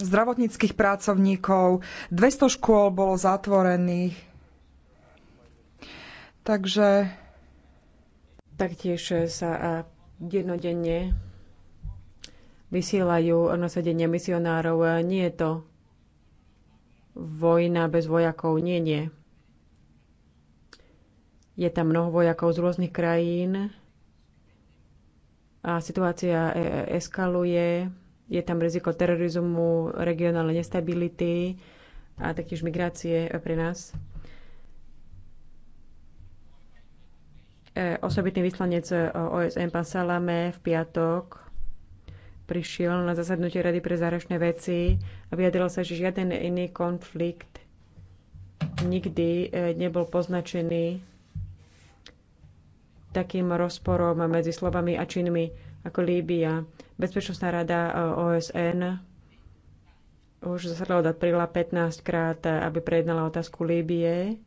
zdravotníckých pracovníkov, 200 škôl bolo zatvorených. Takže... Taktiež sa dennodenne vysielajú nasadenia misionárov. Nie je to vojna bez vojakov. Nie, nie. Je tam mnoho vojakov z rôznych krajín a situácia e, e, eskaluje. Je tam riziko terorizmu, regionálnej nestability a taktiež migrácie pre nás. E, osobitný vyslanec e, OSN pán Salame v piatok prišiel na zasadnutie Rady pre zahraničné veci a vyjadril sa, že žiaden iný konflikt nikdy e, nebol poznačený takým rozporom medzi slovami a činmi ako Líbia. Bezpečnostná rada e, OSN už zasadla od apríla 15 krát, e, aby prejednala otázku Líbie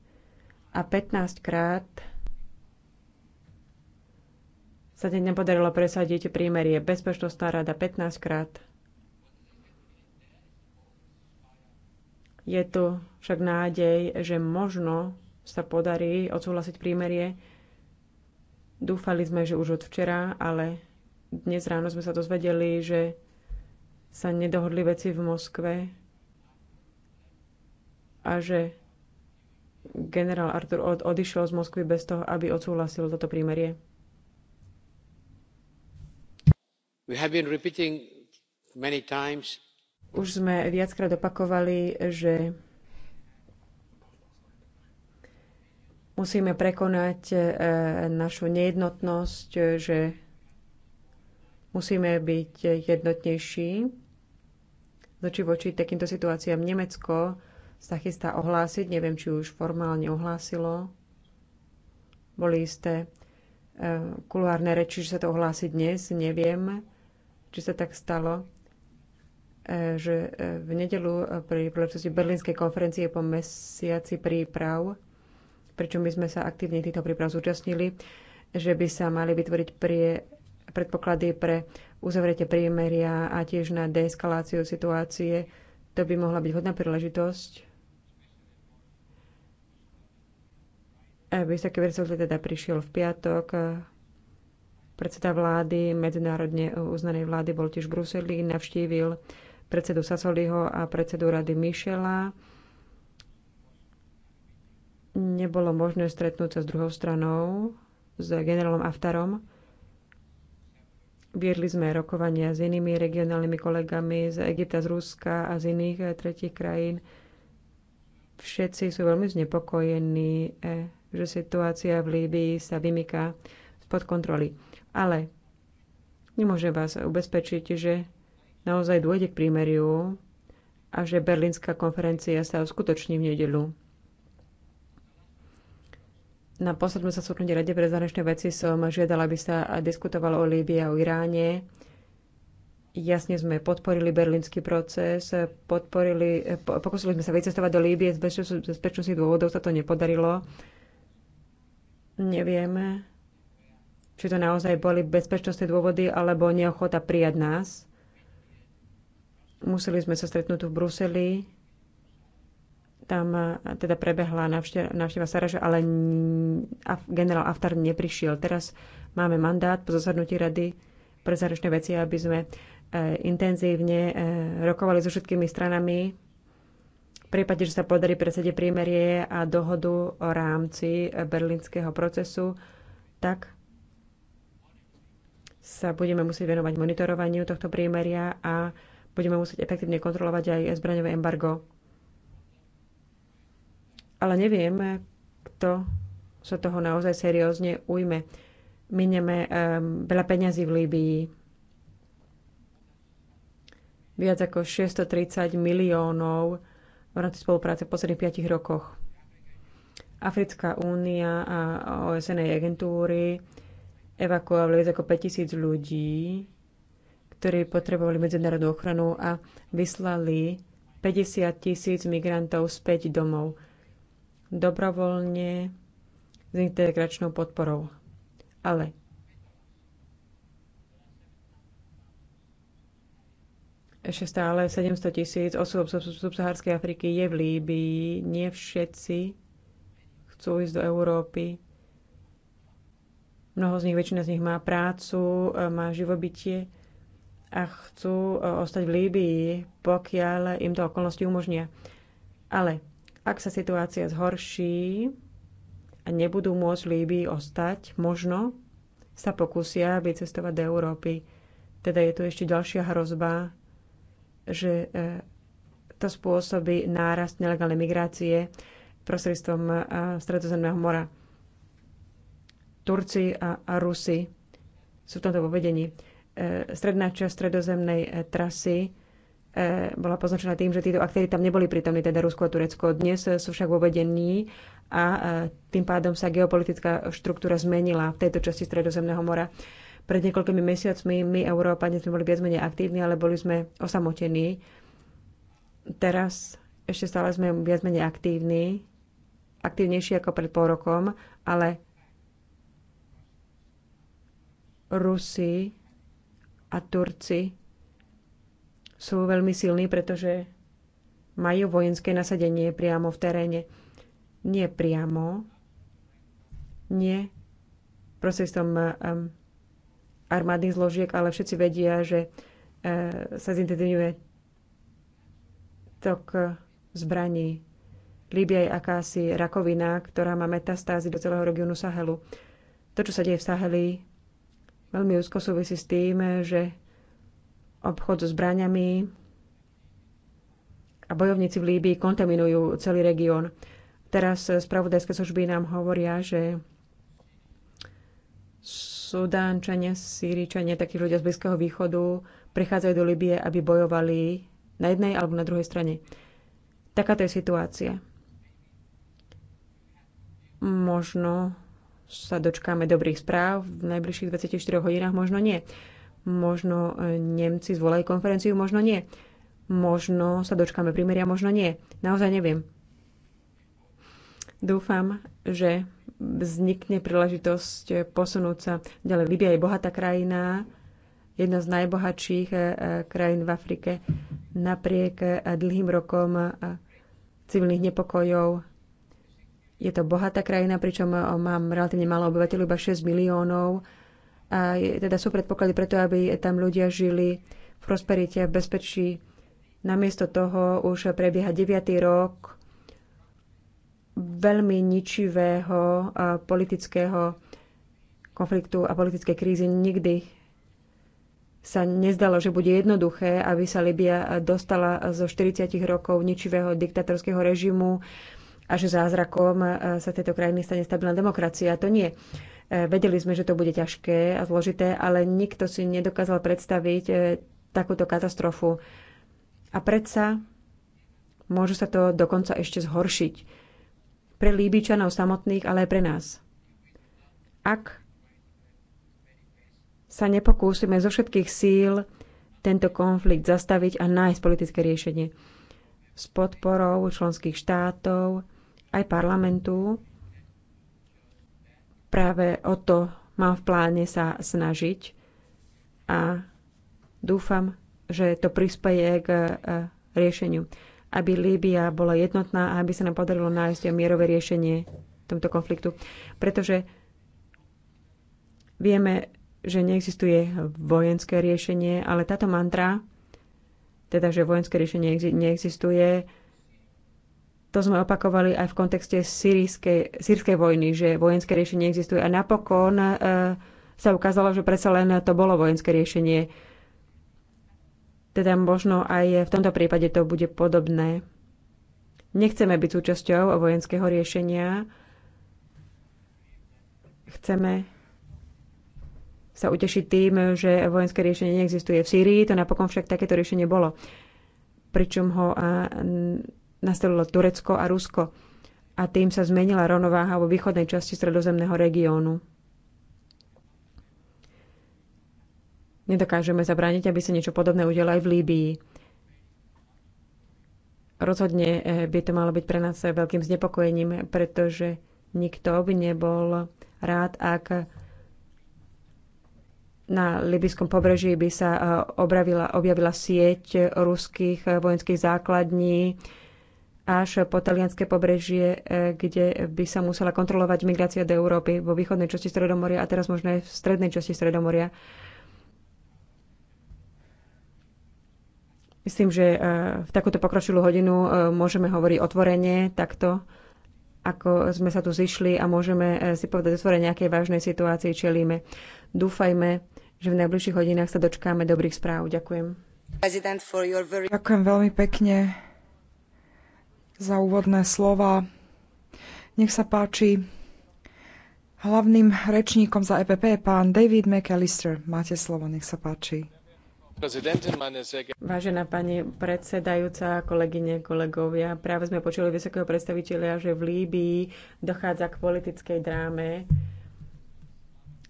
a 15 krát sa teď nepodarilo presadiť prímerie. Bezpečnostná rada 15 krát. Je tu však nádej, že možno sa podarí odsúhlasiť prímerie. Dúfali sme, že už od včera, ale dnes ráno sme sa dozvedeli, že sa nedohodli veci v Moskve a že generál Artur od, odišiel z Moskvy bez toho, aby odsúhlasil toto prímerie. Už sme viackrát opakovali, že musíme prekonať eh, našu nejednotnosť, že Musíme byť jednotnejší zoči voči takýmto situáciám. Nemecko sa chystá ohlásiť, neviem, či už formálne ohlásilo. Boli isté e, kulárne reči, že sa to ohlási dnes, neviem, či sa tak stalo e, že e, v nedelu pri príležitosti Berlínskej konferencie po mesiaci príprav, pričom my sme sa aktívne týchto príprav zúčastnili, že by sa mali vytvoriť prie predpoklady pre uzavretie prímeria a tiež na deeskaláciu situácie. To by mohla byť hodná príležitosť. Vysoký predstaviteľ teda prišiel v piatok. Predseda vlády, medzinárodne uznanej vlády, bol tiež v Bruseli, navštívil predsedu Sasoliho a predsedu rady Mišela. Nebolo možné stretnúť sa s druhou stranou, s generálom Aftarom. Viedli sme rokovania s inými regionálnymi kolegami z Egypta, z Ruska a z iných eh, tretich krajín. Všetci sú veľmi znepokojení, eh, že situácia v Líbii sa vymyká spod kontroly. Ale nemôžem vás ubezpečiť, že naozaj dôjde k prímeriu a že berlínska konferencia sa uskutoční v nedeľu. Na poslednom zasadnutí Rade pre zahraničné veci som žiadala, aby sa diskutovalo o Líbii a o Iráne. Jasne sme podporili berlínsky proces, podporili, pokusili sme sa vycestovať do Líbie, z bezpečnostných dôvodov sa to nepodarilo. Nevieme, či to naozaj boli bezpečnostné dôvody alebo neochota prijať nás. Museli sme sa stretnúť tu v Bruseli tam e, teda prebehla návšteva Saraža, ale generál Aftar neprišiel. Teraz máme mandát po zasadnutí rady pre zahraničné veci, aby sme e, intenzívne e, rokovali so všetkými stranami. V prípade, že sa podarí presede prímerie a dohodu o rámci berlínskeho procesu, tak sa budeme musieť venovať monitorovaniu tohto prímeria a budeme musieť efektívne kontrolovať aj zbraňové embargo ale nevieme, kto sa toho naozaj seriózne ujme. Mineme um, ehm, veľa peňazí v Líbii. Viac ako 630 miliónov v rámci spolupráce v posledných 5 rokoch. Africká únia a OSN e agentúry evakuovali viac ako 5000 ľudí, ktorí potrebovali medzinárodnú ochranu a vyslali 50 tisíc migrantov späť domov dobrovoľne s integračnou podporou. Ale ešte stále 700 tisíc osôb z subsahárskej Afriky je v Líbii. Nie všetci chcú ísť do Európy. Mnoho z nich, väčšina z nich má prácu, e, má živobytie a chcú e, ostať v Líbii, pokiaľ im to okolnosti umožnia. Ale ak sa situácia zhorší a nebudú môcť Líbii ostať, možno sa pokúsia vycestovať do Európy. Teda je tu ešte ďalšia hrozba, že e, to spôsobí nárast nelegálnej migrácie prostredstvom e, Stredozemného mora. Turci a Rusi sú v tomto vo vedení. E, stredná časť stredozemnej trasy E, bola poznačená tým, že títo aktéry tam neboli prítomní, teda Rusko a Turecko. Dnes sú však vo vedení a e, tým pádom sa geopolitická štruktúra zmenila v tejto časti Stredozemného mora. Pred niekoľkými mesiacmi my, Európani, sme boli viac menej aktívni, ale boli sme osamotení. Teraz ešte stále sme viac menej aktívni, aktívnejší ako pred pol rokom, ale Rusi a Turci sú veľmi silní, pretože majú vojenské nasadenie priamo v teréne. Nie priamo, nie prostredstvom um, armádnych zložiek, ale všetci vedia, že uh, sa zintenzívňuje tok e, zbraní. Líbia je akási rakovina, ktorá má metastázy do celého regiónu Sahelu. To, čo sa deje v Saheli, veľmi úzko súvisí s tým, že obchod so zbraniami a bojovníci v Líbii kontaminujú celý región. Teraz spravodajské služby nám hovoria, že Sudánčania, Sýričania, takí ľudia z Blízkeho východu prichádzajú do Líbie, aby bojovali na jednej alebo na druhej strane. Takáto je situácia. Možno sa dočkáme dobrých správ v najbližších 24 hodinách, možno nie. Možno e, Nemci zvolajú konferenciu, možno nie. Možno sa dočkáme primeria, možno nie. Naozaj neviem. Dúfam, že vznikne príležitosť posunúť sa ďalej. Libia je bohatá krajina, jedna z najbohatších e, e, krajín v Afrike. Napriek dlhým rokom civilných nepokojov je to bohatá krajina, pričom mám relatívne málo obyvateľov, iba 6 miliónov a je, teda sú predpoklady preto, aby tam ľudia žili v prosperite a v bezpečí. Namiesto toho už prebieha 9. rok veľmi ničivého politického konfliktu a politickej krízy. Nikdy sa nezdalo, že bude jednoduché, aby sa Libia dostala zo 40 rokov ničivého diktatorského režimu a že zázrakom sa tejto krajiny stane stabilná demokracia. To nie. E, vedeli sme, že to bude ťažké a zložité, ale nikto si nedokázal predstaviť e, takúto katastrofu. A predsa môže sa to dokonca ešte zhoršiť. Pre Líbičanov samotných, ale aj pre nás. Ak sa nepokúsime zo všetkých síl tento konflikt zastaviť a nájsť politické riešenie s podporou členských štátov, aj parlamentu, Práve o to mám v pláne sa snažiť a dúfam, že to prispieje k e, riešeniu. Aby Líbia bola jednotná a aby sa nám podarilo nájsť mierové riešenie tomto konfliktu. Pretože vieme, že neexistuje vojenské riešenie, ale táto mantra, teda že vojenské riešenie neexistuje, to sme opakovali aj v kontexte sírskej vojny, že vojenské riešenie existuje. A napokon e, sa ukázalo, že predsa len to bolo vojenské riešenie. Teda možno aj v tomto prípade to bude podobné. Nechceme byť súčasťou vojenského riešenia. Chceme sa utešiť tým, že vojenské riešenie neexistuje v Sýrii. To napokon však takéto riešenie bolo. Pričom ho a, Nastavilo Turecko a Rusko a tým sa zmenila rovnováha vo východnej časti stredozemného regiónu. Nedokážeme zabrániť, aby sa niečo podobné udialo aj v Líbii. Rozhodne eh, by to malo byť pre nás veľkým znepokojením, pretože nikto by nebol rád, ak na libyskom pobreží by sa eh, obravila, objavila sieť ruských eh, vojenských základní, až po talianské pobrežie, e, kde by sa musela kontrolovať migrácia do Európy vo východnej časti Stredomoria a teraz možno aj v strednej časti Stredomoria. Myslím, že e, v takúto pokročilú hodinu e, môžeme hovoriť otvorene, takto, ako sme sa tu zišli a môžeme si povedať otvorene, nejakej vážnej situácii čelíme. Dúfajme, že v najbližších hodinách sa dočkáme dobrých správ. Ďakujem. Ďakujem veľmi pekne za úvodné slova. Nech sa páči. Hlavným rečníkom za EPP je pán David McAllister. Máte slovo, nech sa páči. Vážená pani predsedajúca, kolegyne, kolegovia, práve sme počuli vysokého predstaviteľa, že v Líbii dochádza k politickej dráme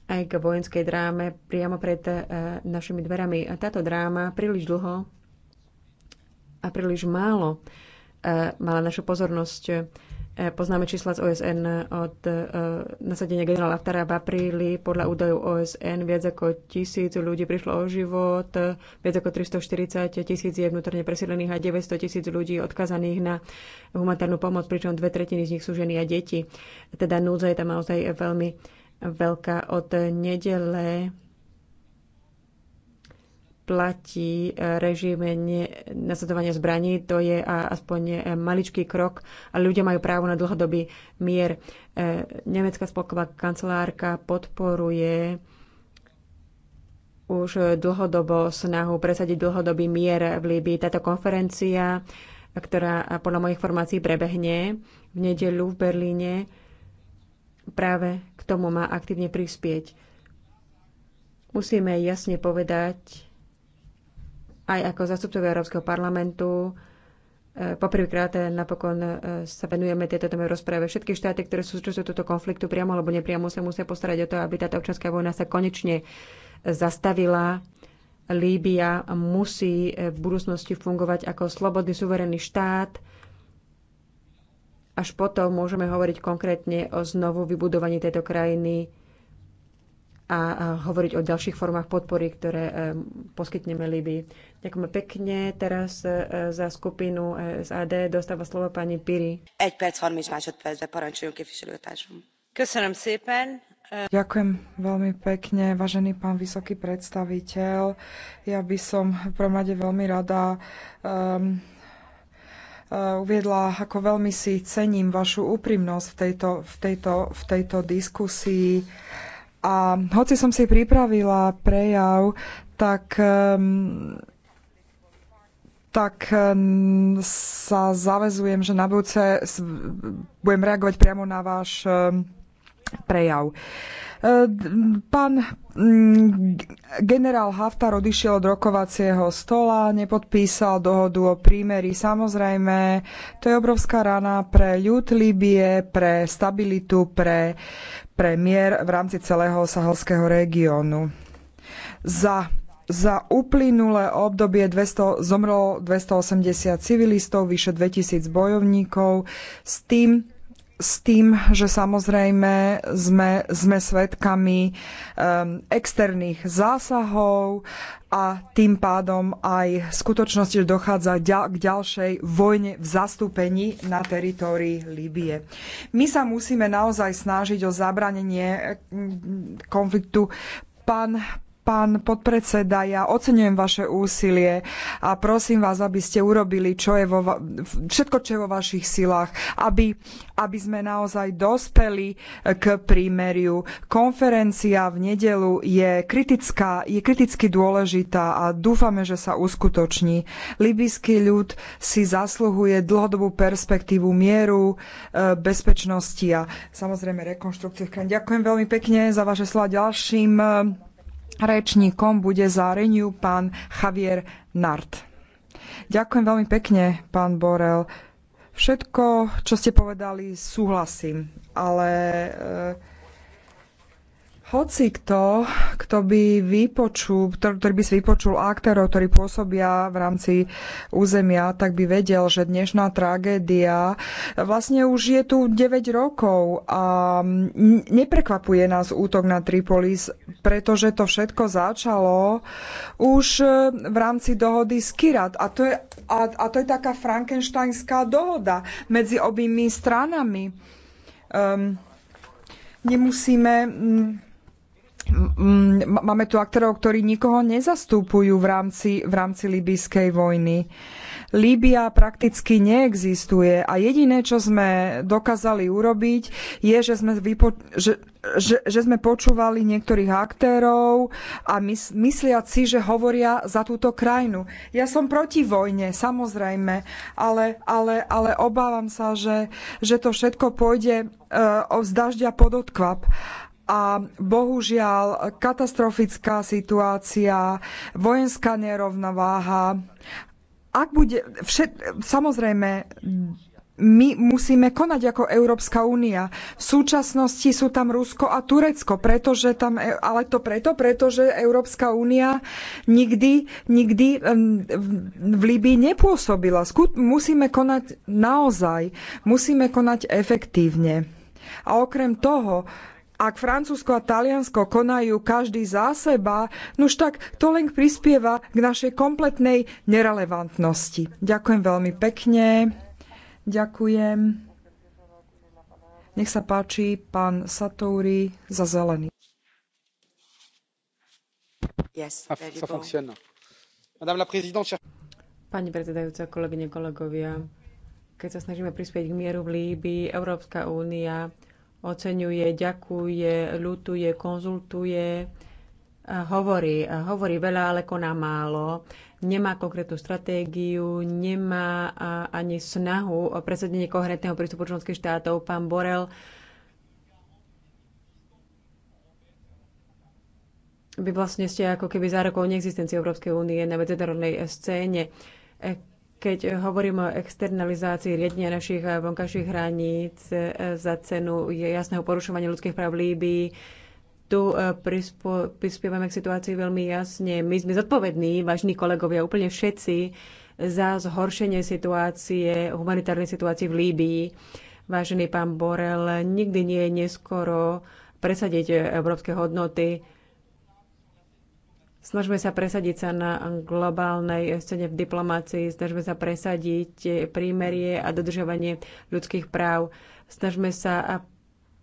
aj k vojenskej dráme priamo pred e, našimi dverami. A táto dráma príliš dlho a príliš málo E, mala našu pozornosť. E, poznáme čísla z OSN od e, nasadenia generála Aftara v apríli. Podľa údajov OSN viac ako tisíc ľudí prišlo o život, viac ako 340 tisíc je vnútorne presídlených a 900 tisíc ľudí odkazaných na humanitárnu pomoc, pričom dve tretiny z nich sú ženy a deti. Teda núdza je tam naozaj veľmi veľká od nedele platí e, režim nasledovania zbraní. To je aspoň e, maličký krok a ľudia majú právo na dlhodobý mier. E, nemecká spolková kancelárka podporuje už dlhodobo snahu presadiť dlhodobý mier v Líbii. Táto konferencia, ktorá podľa mojich informácií prebehne v nedeľu v Berlíne, práve k tomu má aktívne prispieť. Musíme jasne povedať, aj ako zastupcovia Európskeho parlamentu. E, Poprvýkrát e, napokon e, sa venujeme tejto téme rozprave. Všetky štáty, ktoré sú súčasťou tohto konfliktu priamo alebo nepriamo, sa musia postarať o to, aby táto občanská vojna sa konečne zastavila. Líbia musí v budúcnosti fungovať ako slobodný suverénny štát. Až potom môžeme hovoriť konkrétne o znovu vybudovaní tejto krajiny a hovoriť o ďalších formách podpory, ktoré poskytneme Líbii. Ďakujeme pekne. Teraz e, e, za skupinu e, SAD dostáva slovo pani Piri. Ďakujem veľmi pekne, vážený pán vysoký predstaviteľ. Ja by som v promade veľmi rada um, uviedla, ako veľmi si cením vašu úprimnosť v tejto, v tejto, v tejto diskusii. A hoci som si pripravila prejav, tak um, tak ehm, sa zavezujem, že na budúce budem reagovať priamo na váš ehm, prejav. E, pán mm, generál Haftar odišiel od rokovacieho stola, nepodpísal dohodu o prímeri. Samozrejme, to je obrovská rana pre ľud Libie, pre stabilitu, pre, pre mier v rámci celého sahelského regiónu. Za za uplynulé obdobie 200, zomrlo 280 civilistov, vyše 2000 bojovníkov, s tým, s tým, že samozrejme sme, sme svedkami um, externých zásahov a tým pádom aj v skutočnosti, že dochádza ďal, k ďalšej vojne v zastúpení na teritórii Líbie. My sa musíme naozaj snažiť o zabranenie mm, konfliktu. Pán pán podpredseda, ja oceňujem vaše úsilie a prosím vás, aby ste urobili čo je vo, všetko, čo je vo vašich silách, aby, aby sme naozaj dospeli eh, k prímeriu. Konferencia v nedelu je, kritická, je kriticky dôležitá a dúfame, že sa uskutoční. Libyský ľud si zasluhuje dlhodobú perspektívu mieru, eh, bezpečnosti a samozrejme rekonštrukcie. Ďakujem veľmi pekne za vaše slova ďalším eh, Rečníkom bude za Renew pán Javier Nart. Ďakujem veľmi pekne, pán Borel. Všetko, čo ste povedali, súhlasím, ale e, hoci kto, kto by, vypočul, ktorý by si vypočul aktérov, ktorí pôsobia v rámci územia, tak by vedel, že dnešná tragédia vlastne už je tu 9 rokov a neprekvapuje nás útok na Tripolis, pretože to všetko začalo už v rámci dohody z Kirat. A to je, a, a to je taká frankensteinská dohoda medzi obými stranami. Um, nemusíme mm, Mm, máme tu aktérov, ktorí nikoho nezastupujú v rámci, v rámci libyskej vojny. Líbia prakticky neexistuje a jediné, čo sme dokázali urobiť, je, že sme, vypo- že, že, že sme počúvali niektorých aktérov a mys- mysliať si, že hovoria za túto krajinu. Ja som proti vojne, samozrejme, ale, ale, ale obávam sa, že, že to všetko pôjde uh, z dažďa pod odkvap a bohužiaľ katastrofická situácia, vojenská nerovnováha. Ak bude, všet, samozrejme, my musíme konať ako Európska únia. V súčasnosti sú tam Rusko a Turecko, pretože tam, e- ale to preto, pretože Európska únia nikdy, nikdy v Líbii nepôsobila. musíme konať naozaj, musíme konať efektívne. A okrem toho, ak Francúzsko a Taliansko konajú každý za seba, nuž tak to len prispieva k našej kompletnej nerelevantnosti. Ďakujem veľmi pekne. Ďakujem. Nech sa páči pán Satouri za zelený. Pani predsedajúca, kolegyne, kolegovia, keď sa snažíme prispieť k mieru v Líbii, Európska únia oceňuje, ďakuje, ľutuje, konzultuje, hovorí, hovorí veľa, ale koná málo, nemá konkrétnu stratégiu, nemá ani snahu o presadenie koherentného prístupu členských štátov. Pán Borel by vlastne ste ako keby zárokov neexistencie Európskej únie na medzinárodnej scéne keď hovorím o externalizácii riadenia našich eh, vonkajších hraníc eh, za cenu jasného porušovania ľudských práv v Líbii, tu eh, prispo, prispievame k situácii veľmi jasne. My sme zodpovední, vážni kolegovia, úplne všetci, za zhoršenie situácie, humanitárnej situácie v Líbii. Vážený pán Borel, nikdy nie je neskoro presadiť európske hodnoty. Snažme sa presadiť sa na globálnej scéne v diplomácii, snažme sa presadiť prímerie a dodržovanie ľudských práv, snažme sa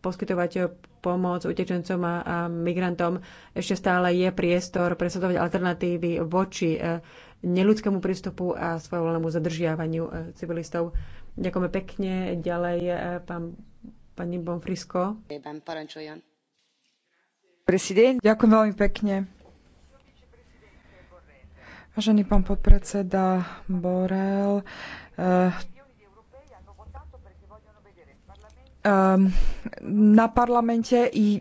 poskytovať pomoc utečencom a migrantom. Ešte stále je priestor presadovať alternatívy voči e, neludskému prístupu a svojvoľnému zadržiavaniu e, civilistov. Ďakujeme pekne. Ďalej e, pán, pani Bonfrisko. Ďakujem veľmi pekne Vážený pán podpredseda Borel, eh, ehm, na parlamente i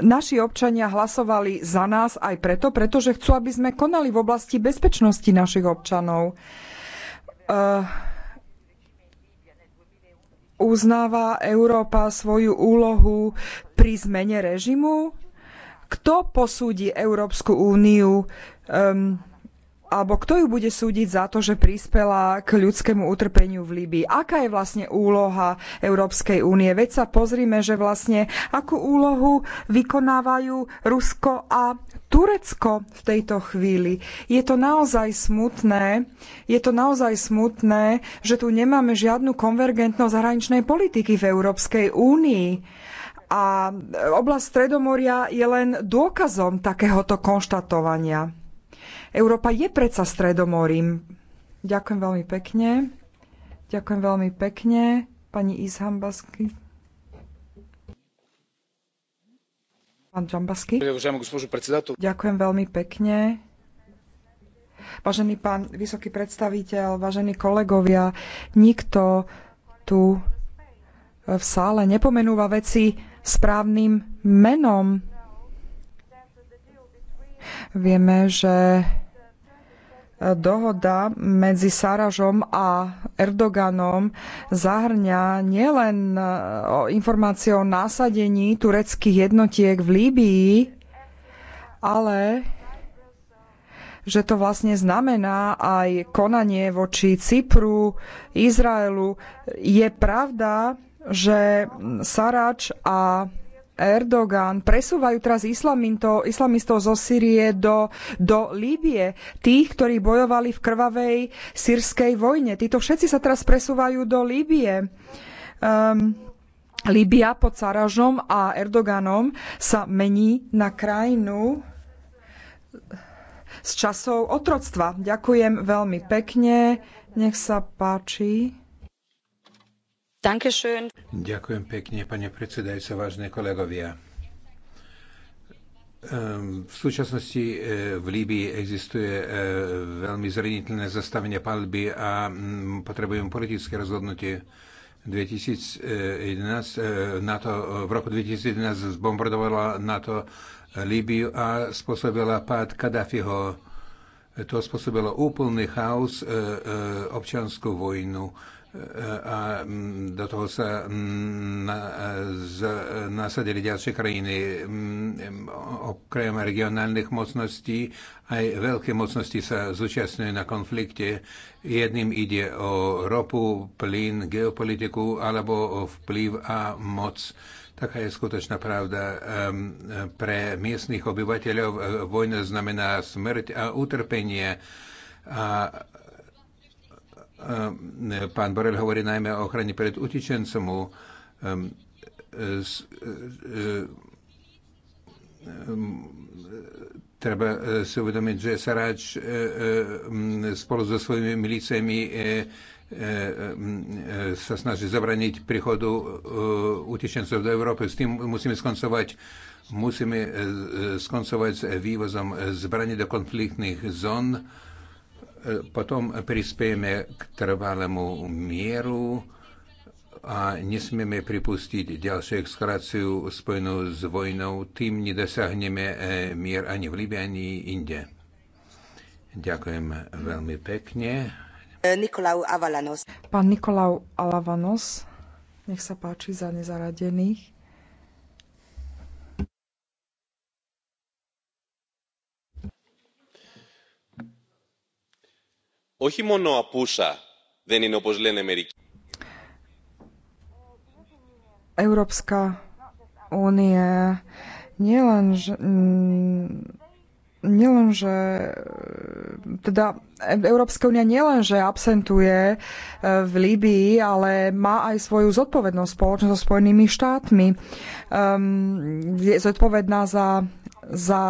naši občania hlasovali za nás aj preto, pretože chcú, aby sme konali v oblasti bezpečnosti našich občanov. Eh, uznáva Európa svoju úlohu pri zmene režimu? Kto posúdi Európsku úniu um, alebo kto ju bude súdiť za to, že prispela k ľudskému utrpeniu v Líbii? Aká je vlastne úloha Európskej únie? Veď sa pozrime, že vlastne akú úlohu vykonávajú Rusko a Turecko v tejto chvíli. Je to naozaj smutné, je to naozaj smutné, že tu nemáme žiadnu konvergentnosť zahraničnej politiky v Európskej únii. A oblasť Stredomoria je len dôkazom takéhoto konštatovania. Európa je predsa stredomorím. Ďakujem veľmi pekne. Ďakujem veľmi pekne, pani Izhambasky. Pán Džambasky. Ďakujem veľmi pekne. Vážený pán vysoký predstaviteľ, vážení kolegovia, nikto tu v sále nepomenúva veci správnym menom Vieme, že e, dohoda medzi Saražom a Erdoganom zahrňa nielen e, informácie o násadení tureckých jednotiek v Líbii, ale že to vlastne znamená aj konanie voči Cypru, Izraelu. Je pravda, že Sarač a Erdogan presúvajú teraz islamistov, islamistov zo Syrie do, do Líbie, tých, ktorí bojovali v krvavej sírskej vojne. Títo všetci sa teraz presúvajú do Líbie. Um, Líbia pod Saražom a Erdoganom sa mení na krajinu z časov otroctva. Ďakujem veľmi pekne. Nech sa páči. Ďakujem pekne, pani predsedajúca, vážne kolegovia. Ehm, v súčasnosti eh, v Líbii existuje eh, veľmi zraniteľné zastavenie palby a mm, potrebujem politické rozhodnutie. 2011, eh, NATO, v roku 2011 zbombardovala NATO Líbiu a spôsobila pád Kadáfiho. To spôsobilo úplný chaos, občanskú vojnu a mm, do toho sa mm, na, z, nasadili ďalšie krajiny. Mm, okrem regionálnych mocností aj veľké mocnosti sa zúčastňujú na konflikte. Jedným ide o ropu, plyn, geopolitiku alebo o vplyv a moc. Taká je skutočná pravda. Ehm, pre miestnych obyvateľov vojna znamená smrť a utrpenie. A Ehm, pán Borel hovorí najmä o ochrane pred utečencom. Ehm, ehm, treba si uvedomiť, že Saráč e, e, spolu so svojimi milíciami e, sa snaží zabraniť príchodu utečencov do Európy. S tým musíme skoncovať. Musíme skoncovať s vývozom zbraní do konfliktných zón potom prispieme k trvalému mieru a nesmieme pripustiť ďalšiu exkráciu spojenú s vojnou. Tým nedosiahneme e, mier ani v Libii, ani inde. Ďakujem veľmi pekne. E, Nikolau Avalanos. Pán Nikolau Alavanos, nech sa páči za nezaradených. όχι μόνο απούσα δεν είναι όπως λένε μερικοί. Európska únia nielen, nielenže teda Európska únia nielenže absentuje e, v Líbii, ale má aj svoju zodpovednosť spoločne so Spojenými štátmi. Um, je zodpovedná za, za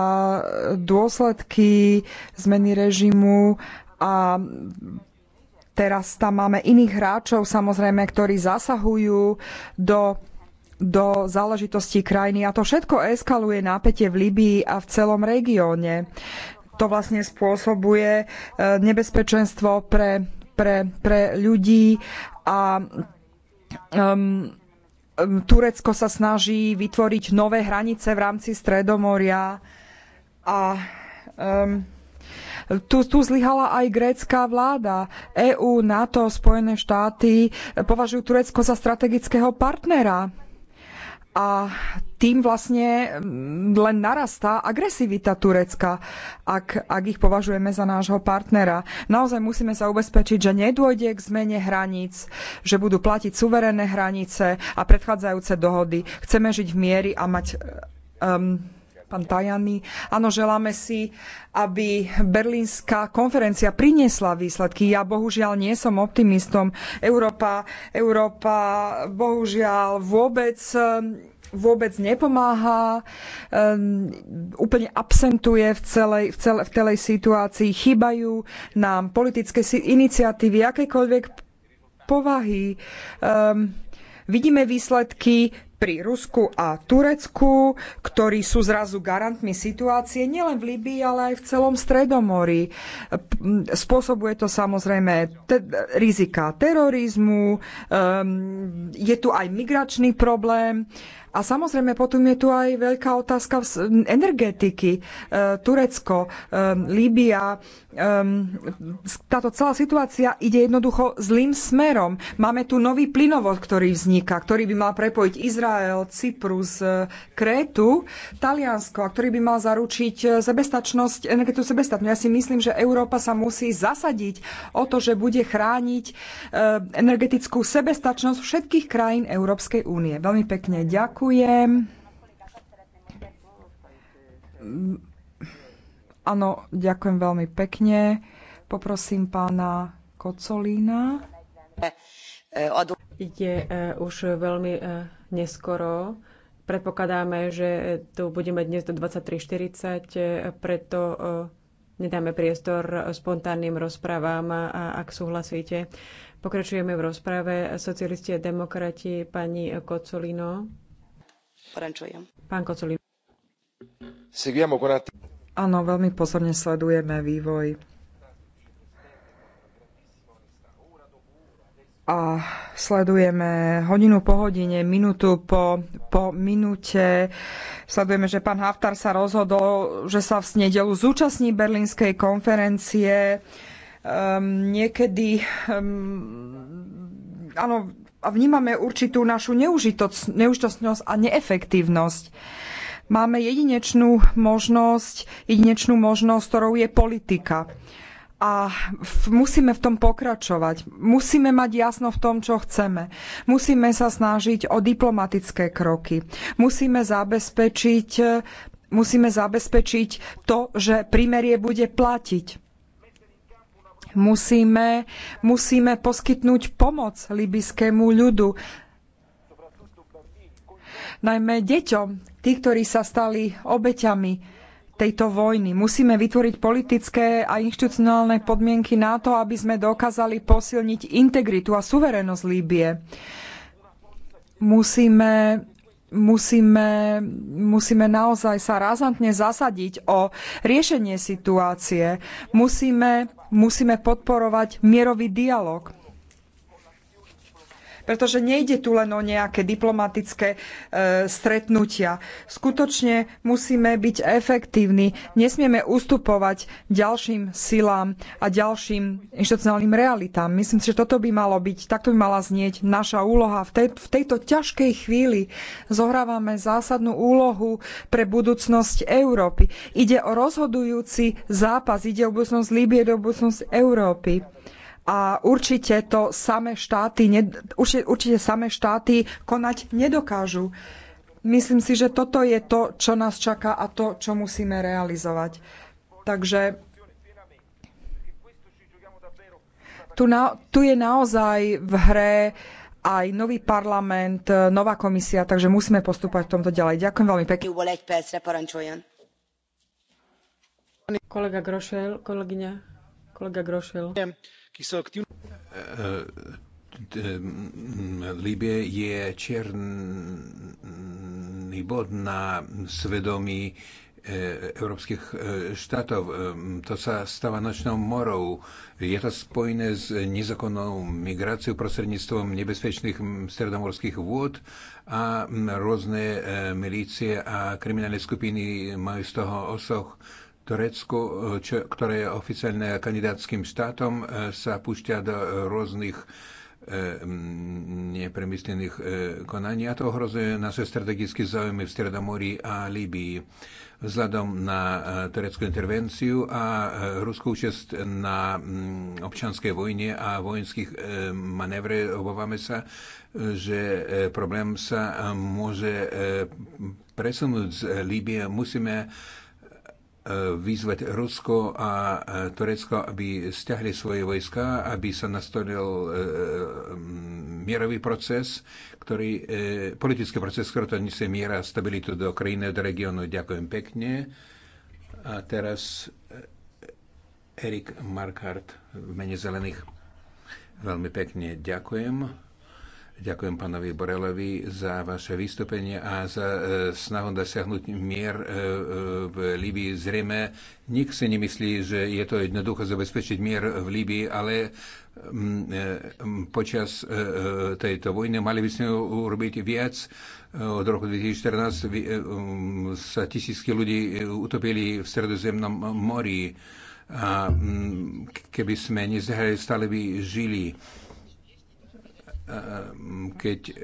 dôsledky zmeny režimu a teraz tam máme iných hráčov, samozrejme, ktorí zasahujú do do záležitostí krajiny a to všetko eskaluje napätie v Libii a v celom regióne. To vlastne spôsobuje e, nebezpečenstvo pre, pre, pre ľudí a um, Turecko sa snaží vytvoriť nové hranice v rámci Stredomoria a um, tu, tu zlyhala aj grécka vláda. EÚ, NATO, Spojené štáty považujú Turecko za strategického partnera. A tým vlastne mm, len narastá agresivita Turecka, ak, ak ich považujeme za nášho partnera. Naozaj musíme sa ubezpečiť, že nedôjde k zmene hraníc, že budú platiť suverénne hranice a predchádzajúce dohody. Chceme žiť v miery a mať um, pán Tajany. Áno, želáme si, aby berlínska konferencia priniesla výsledky. Ja bohužiaľ nie som optimistom. Európa, Európa bohužiaľ vôbec vôbec nepomáha, um, úplne absentuje v celej, v, celej, v celej situácii. Chýbajú nám politické iniciatívy akékoľvek povahy. Um, vidíme výsledky, pri Rusku a Turecku, ktorí sú zrazu garantmi situácie nielen v Libii, ale aj v celom Stredomorí. Spôsobuje to samozrejme te- rizika terorizmu, um, je tu aj migračný problém. Uh, a samozrejme, potom je tu aj veľká otázka energetiky. E, Turecko, e, Líbia, e, táto celá situácia ide jednoducho zlým smerom. Máme tu nový plynovod, ktorý vzniká, ktorý by mal prepojiť Izrael, Cyprus, Krétu, Taliansko, a ktorý by mal zaručiť sebestačnosť, energetickú sebestačnosť. Ja si myslím, že Európa sa musí zasadiť o to, že bude chrániť energetickú sebestačnosť všetkých krajín Európskej únie. Veľmi pekne ďakujem. Ďakujem. Áno, ďakujem veľmi pekne. Poprosím pána Kocolína. Ide e, už veľmi e, neskoro. Predpokladáme, že tu budeme dnes do 23.40, e, preto nedáme priestor spontánnym rozprávam, a ak súhlasíte. Pokračujeme v rozprave. Socialisti a demokrati, pani Kocolino. Pán Áno, veľmi pozorne sledujeme vývoj. A sledujeme hodinu po hodine, minútu po, po minúte. Sledujeme, že pán Haftar sa rozhodol, že sa v snedelu zúčastní berlínskej konferencie. Um, niekedy um, áno, a vnímame určitú našu neužitočnosť a neefektívnosť. Máme jedinečnú možnosť, jedinečnú možnosť, ktorou je politika. A v, musíme v tom pokračovať. Musíme mať jasno v tom, čo chceme. Musíme sa snažiť o diplomatické kroky. Musíme zabezpečiť, musíme zabezpečiť to, že primerie bude platiť Musíme, musíme poskytnúť pomoc libyskému ľudu, najmä deťom, tí, ktorí sa stali obeťami tejto vojny. Musíme vytvoriť politické a inštitucionálne podmienky na to, aby sme dokázali posilniť integritu a suverenosť Líbie. Musíme musíme, musíme naozaj sa razantne zasadiť o riešenie situácie. Musíme, musíme podporovať mierový dialog. Pretože nejde tu len o nejaké diplomatické e, stretnutia. Skutočne musíme byť efektívni. Nesmieme ustupovať ďalším silám a ďalším inštitucionálnym realitám. Myslím si, že toto by malo byť, takto by mala znieť naša úloha. V, tej, v tejto ťažkej chvíli zohrávame zásadnú úlohu pre budúcnosť Európy. Ide o rozhodujúci zápas, ide o budúcnosť Líbie, do budúcnosť Európy a určite to samé štáty, určite, určite samé štáty konať nedokážu. Myslím si, že toto je to, čo nás čaká a to, čo musíme realizovať. Takže tu, na, tu je naozaj v hre aj nový parlament, nová komisia, takže musíme postúpať v tomto ďalej. Ďakujem veľmi pekne. Kolega Grošel, kolegyňa, kolega Grošel. Líbie eh, eh, je černý bod na svedomí eh, európskych štátov. To sa stáva nočnou morou. Je to spojené s nezakonnou migráciou prostredníctvom nebezpečných stredomorských vôd a mm, rôzne milície a kriminálne skupiny majú z toho osoch. Turecku, čo, ktoré je oficiálne kandidátským štátom, e, sa púšťa do rôznych e, nepremyslených e, konaní a to ohrozuje naše strategické záujmy v Stredomorí a Líbii. Vzhľadom na tureckú intervenciu a ruskú účasť na občanskej vojne a vojenských manévre obávame sa, že problém sa môže presunúť z Líbie. Musíme vyzvať Rusko a Turecko, aby stiahli svoje vojska, aby sa nastolil e, mierový proces, ktorý, e, politický proces, ktorý to nesie miera a stabilitu do krajiny, do regiónu. Ďakujem pekne. A teraz e, Erik Markart v mene Zelených. Veľmi pekne ďakujem. Ďakujem pánovi Borelovi za vaše vystúpenie a za e, snahu dosiahnuť mier e, e v Líbii. Zrejme nik si nemyslí, že je to jednoducho zabezpečiť mier v Líbii, ale mm, e, mm, počas e, tejto vojny mali by sme urobiť viac. Od roku 2014 mm, sa tisícky ľudí utopili v Stredozemnom mori a keby sme nezahrali, stále by žili keď eh,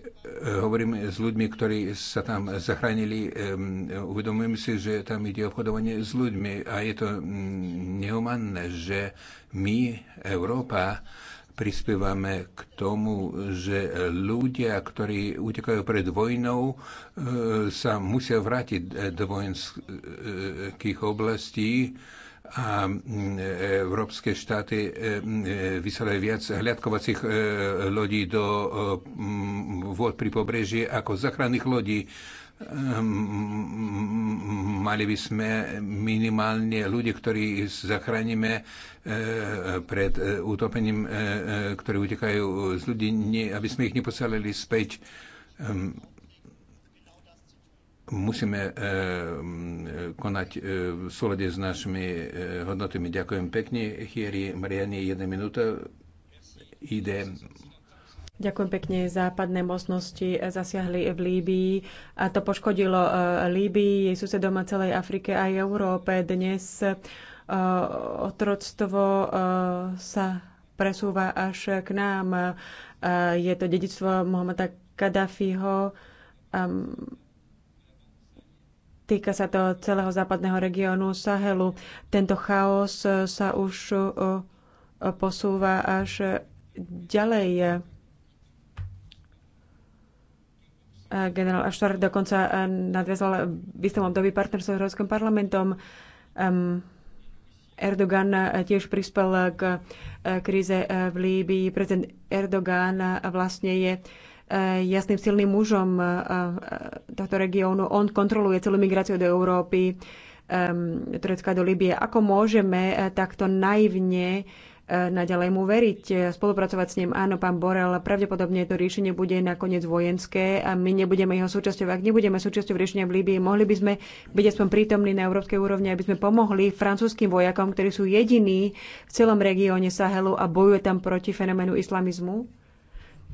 hovoríme s ľuďmi, ktorí sa tam zachránili, eh, uvedomujem si, že tam ide obchodovanie s ľuďmi a je to mm, neumanné, že my, Európa, prispievame k tomu, že ľudia, ktorí utekajú pred vojnou, eh, sa musia vrátiť do vojenských oblastí a e, európske štáty e, e, vysielajú viac hľadkovacích lodí do vod pri pobreží ako zachranných lodí. Ehm, mali by sme minimálne ľudí, ktorí zachránime pred utopením, ktorí utekajú z ľudí, aby sme ich neposielali späť ehm, musíme e, konať eh, v súlade s našimi e, hodnotami. Ďakujem pekne. Chieri Mariani, jedna minúta. Ide. Ďakujem pekne. Západné mocnosti zasiahli v Líbii a to poškodilo Líbii, jej susedom a celej Afrike aj Európe. Dnes otroctvo sa presúva až k nám. Je to dedictvo Mohameda Kadáfiho ehm, Týka sa to celého západného regiónu Sahelu. Tento chaos sa už posúva až ďalej. Generál Aštar dokonca nadviazal v istom období partnerstvo s Európskym parlamentom. Erdogan tiež prispel k kríze v Líbii. Prezident Erdogan vlastne je Eh, jasným silným mužom eh, eh, tohto regiónu. On kontroluje celú migráciu do Európy, Turecka do Libie. Ako môžeme takto naivne naďalej mu veriť, spolupracovať s ním. Áno, pán Borel, pravdepodobne to riešenie bude nakoniec vojenské a my nebudeme jeho súčasťou. Ak nebudeme súčasťou riešenia v Líbii, mohli by sme byť aspoň prítomní na európskej úrovni, aby sme pomohli francúzským vojakom, ktorí sú jediní v celom regióne Sahelu a bojujú tam proti fenoménu islamizmu?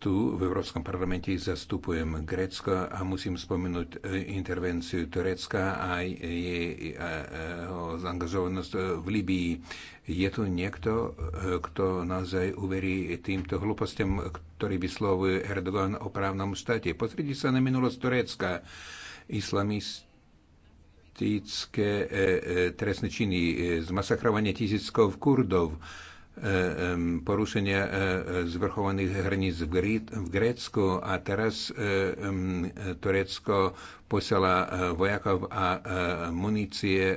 tu v Európskom parlamente zastupujem Grécko a musím spomenúť e, intervenciu Turecka a jej zaangažovanosť v Libii. Je tu niekto, e, kto naozaj uverí týmto hlúpostiam, ktorý vyslovuje Erdogan o právnom štáte. Pozrite sa na minulosť Turecka. Islamist e, trestné činy, zmasakrovanie tisíckov Kurdov, porušenia e, e, zvrchovaných hraníc v Grécku a teraz e, Turecko posiela vojakov a munície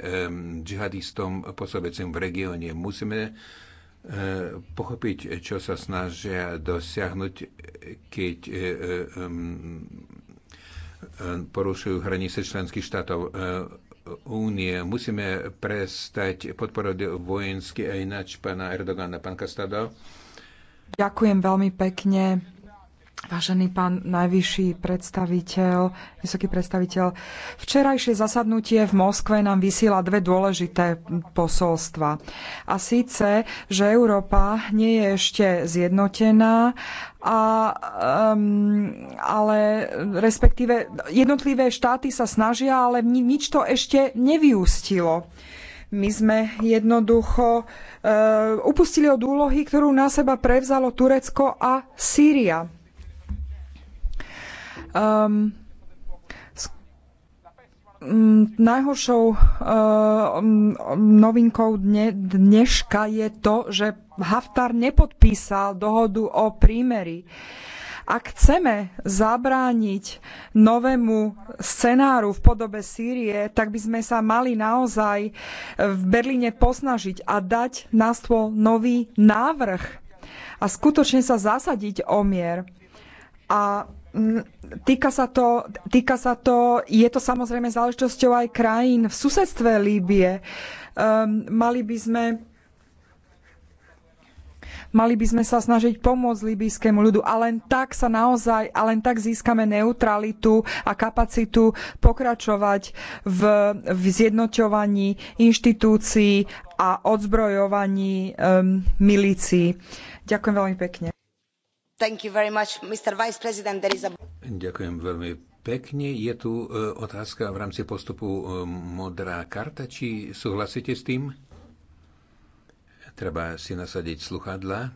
džihadistom pôsobecím v regióne. Musíme pochopiť, čo sa snažia dosiahnuť, keď porušujú hranice členských štátov únie. Musíme prestať podporovať vojensky a ináč pána Erdogana. Pán Kastado. Ďakujem veľmi pekne. Vážený pán najvyšší predstaviteľ, vysoký predstaviteľ, včerajšie zasadnutie v Moskve nám vysiela dve dôležité posolstva. A síce, že Európa nie je ešte zjednotená, a, um, ale respektíve jednotlivé štáty sa snažia, ale nič to ešte nevyústilo. My sme jednoducho uh, upustili od úlohy, ktorú na seba prevzalo Turecko a Sýria Um, mm, najhoršou uh, um, novinkou dne, dneška je to, že Haftar nepodpísal dohodu o prímeri. Ak chceme zabrániť novému scenáru v podobe Sýrie, tak by sme sa mali naozaj v Berlíne posnažiť a dať na stôl nový návrh a skutočne sa zasadiť o mier. A týka sa, to, týka sa to, je to samozrejme záležitosťou aj krajín v susedstve Líbie. Um, mali by sme mali by sme sa snažiť pomôcť líbijskému ľudu a len tak sa naozaj a len tak získame neutralitu a kapacitu pokračovať v, v zjednoťovaní inštitúcií a odzbrojovaní um, milícií. Ďakujem veľmi pekne. Ďakujem veľmi pekne. Je tu e, otázka v rámci postupu e, modrá karta. Či súhlasíte s tým? Treba si nasadiť sluchadla.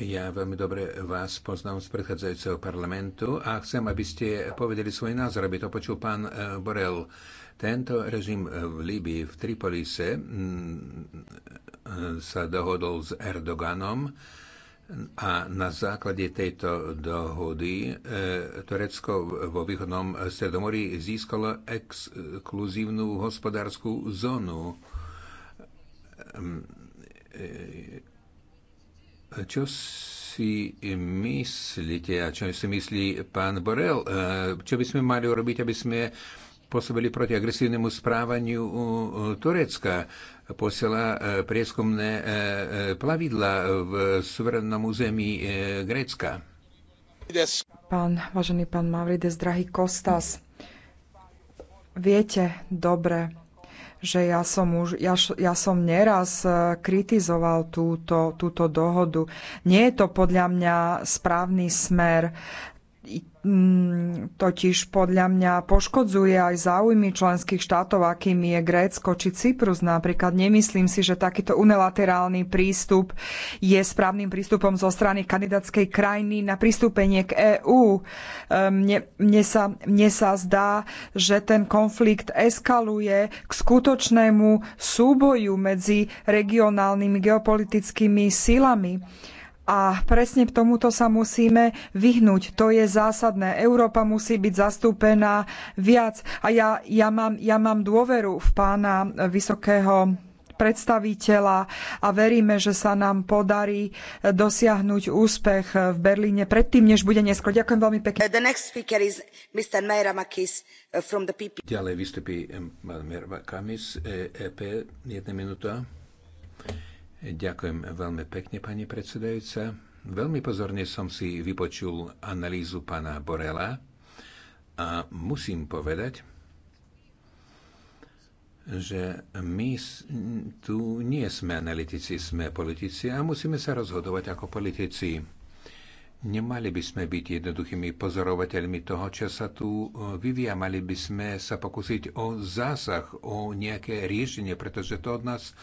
Ja veľmi dobre vás poznám z predchádzajúceho parlamentu a chcem, aby ste povedali svoj názor, aby to počul pán e, Borel. Tento režim v Líbii, v Tripolise, mm, sa dohodol s Erdoganom a na základe tejto dohody e, Turecko vo východnom Stredomorí získalo exkluzívnu hospodárskú zónu. E, e, čo si myslíte a čo si myslí pán Borel? Čo by sme mali urobiť, aby sme pôsobili proti agresívnemu správaniu Turecka. Posiela e, prieskumné e, e, plavidla v suverennom území Grécka. Pán, vážený pán Mavrides, drahý Kostas, viete dobre, že ja som, už, ja, ja som neraz kritizoval túto, túto dohodu. Nie je to podľa mňa správny smer. Mm, totiž podľa mňa poškodzuje aj záujmy členských štátov, akým je Grécko či Cyprus napríklad. Nemyslím si, že takýto unilaterálny prístup je správnym prístupom zo strany kandidátskej krajiny na pristúpenie k EÚ. Ehm, mne, mne, sa, mne sa zdá, že ten konflikt eskaluje k skutočnému súboju medzi regionálnymi geopolitickými silami a presne k tomuto sa musíme vyhnúť. To je zásadné. Európa musí byť zastúpená viac. A ja, ja, mám, ja mám dôveru v pána vysokého predstaviteľa a veríme, že sa nám podarí dosiahnuť úspech v Berlíne predtým, než bude neskôr. Ďakujem veľmi pekne. Ďalej vystupí EP, eh, eh, e jedna minúta. Ďakujem veľmi pekne, pani predsedajúca. Veľmi pozorne som si vypočul analýzu pána Borela a musím povedať, že my tu nie sme analytici, sme politici a musíme sa rozhodovať ako politici. Nemali by sme byť jednoduchými pozorovateľmi toho, čo sa tu e, vyvíja. Mali by sme sa pokúsiť o zásah, o nejaké riešenie, pretože to od nás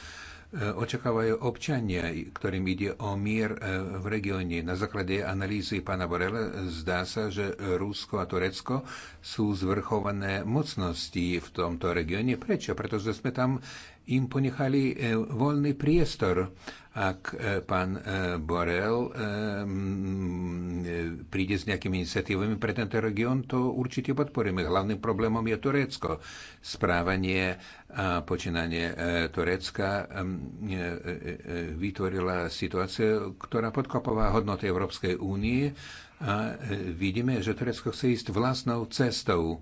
E, očakávajú občania, ktorým ide o mier e, v regióne. Na základe analýzy pána Borela zdá sa, že Rusko a Turecko sú zvrchované mocnosti v tomto regióne. Prečo? Pretože sme tam im ponechali e, voľný priestor. Ak e, pán e, Borel príde s nejakými iniciatívami pre tento región, to určite podporíme. Hlavným problémom je Turecko. Správanie a počínanie Turecka vytvorila situáciu, ktorá podkopová hodnoty Európskej únie a vidíme, že Turecko chce ísť vlastnou cestou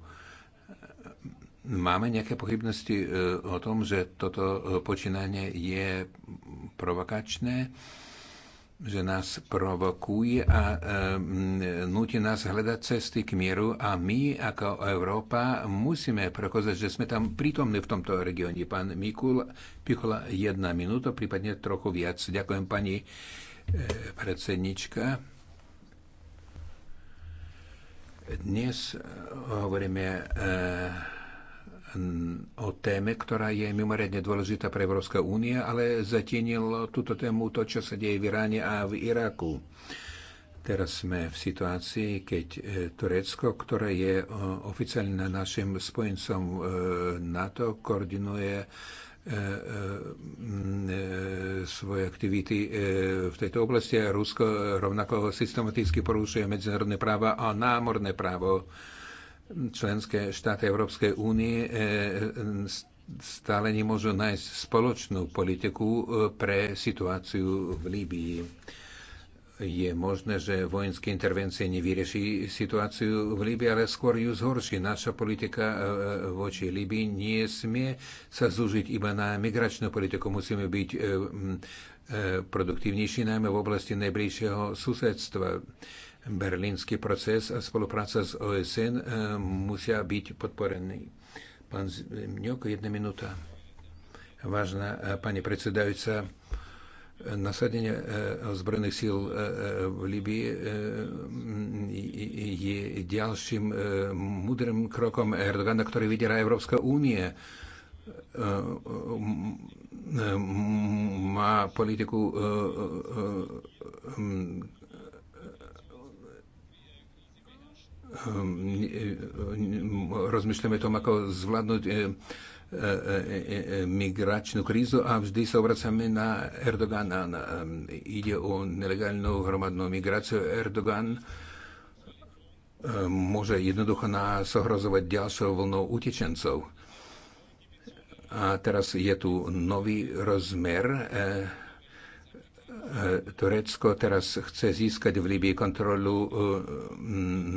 Máme nejaké pochybnosti e, o tom, že toto e, počínanie je provokačné, že nás provokuje a e, nutí nás hľadať cesty k mieru a my ako Európa musíme prekozať, že sme tam prítomní v tomto regióne. Pán Mikul, Pichola, jedna minúta, prípadne trochu viac. Ďakujem pani predsednička. Dnes hovoríme Mm, o téme, ktorá je mimoriadne dôležitá pre Európska únia, ale zatienil túto tému to, čo sa deje v Iráne a v Iraku. Teraz sme v situácii, keď e, Turecko, ktoré je e, oficiálne našim spojencom e, NATO, koordinuje svoje aktivity v tejto oblasti a Rusko rovnako systematicky porušuje medzinárodné práva a námorné právo Členské štáty Európskej únie e, e, stále nemôžu nájsť spoločnú politiku e, pre situáciu v Líbii. Je možné, že vojenské intervencie nevyrieši situáciu v Líbii, ale skôr ju zhorší. Naša politika voči Líbii nie smie sa zúžiť iba na migračnú politiku. Musíme byť produktívnejší najmä v oblasti najbližšieho susedstva Berlínsky proces a spolupráca s OSN e, musia byť podporený. Pán Zmiňok, jedna minúta. Vážna e, pani predsedajúca, e, nasadenie zbrojných síl v Libii je ďalším mudrým krokom Erdogana, ktorý vydiera Európska únie. Má politiku Ehm, ehm, rozmýšľame o tom, ako zvládnuť e, e, e, migračnú krízu a vždy sa obracame na Erdogana. Ehm, ide o nelegálnu hromadnú migráciu. Erdogan môže jednoducho nás ohrozovať ďalšou vlnou utečencov. A teraz je tu nový rozmer Eh, E, Turecko teraz chce získať v Líbii kontrolu e,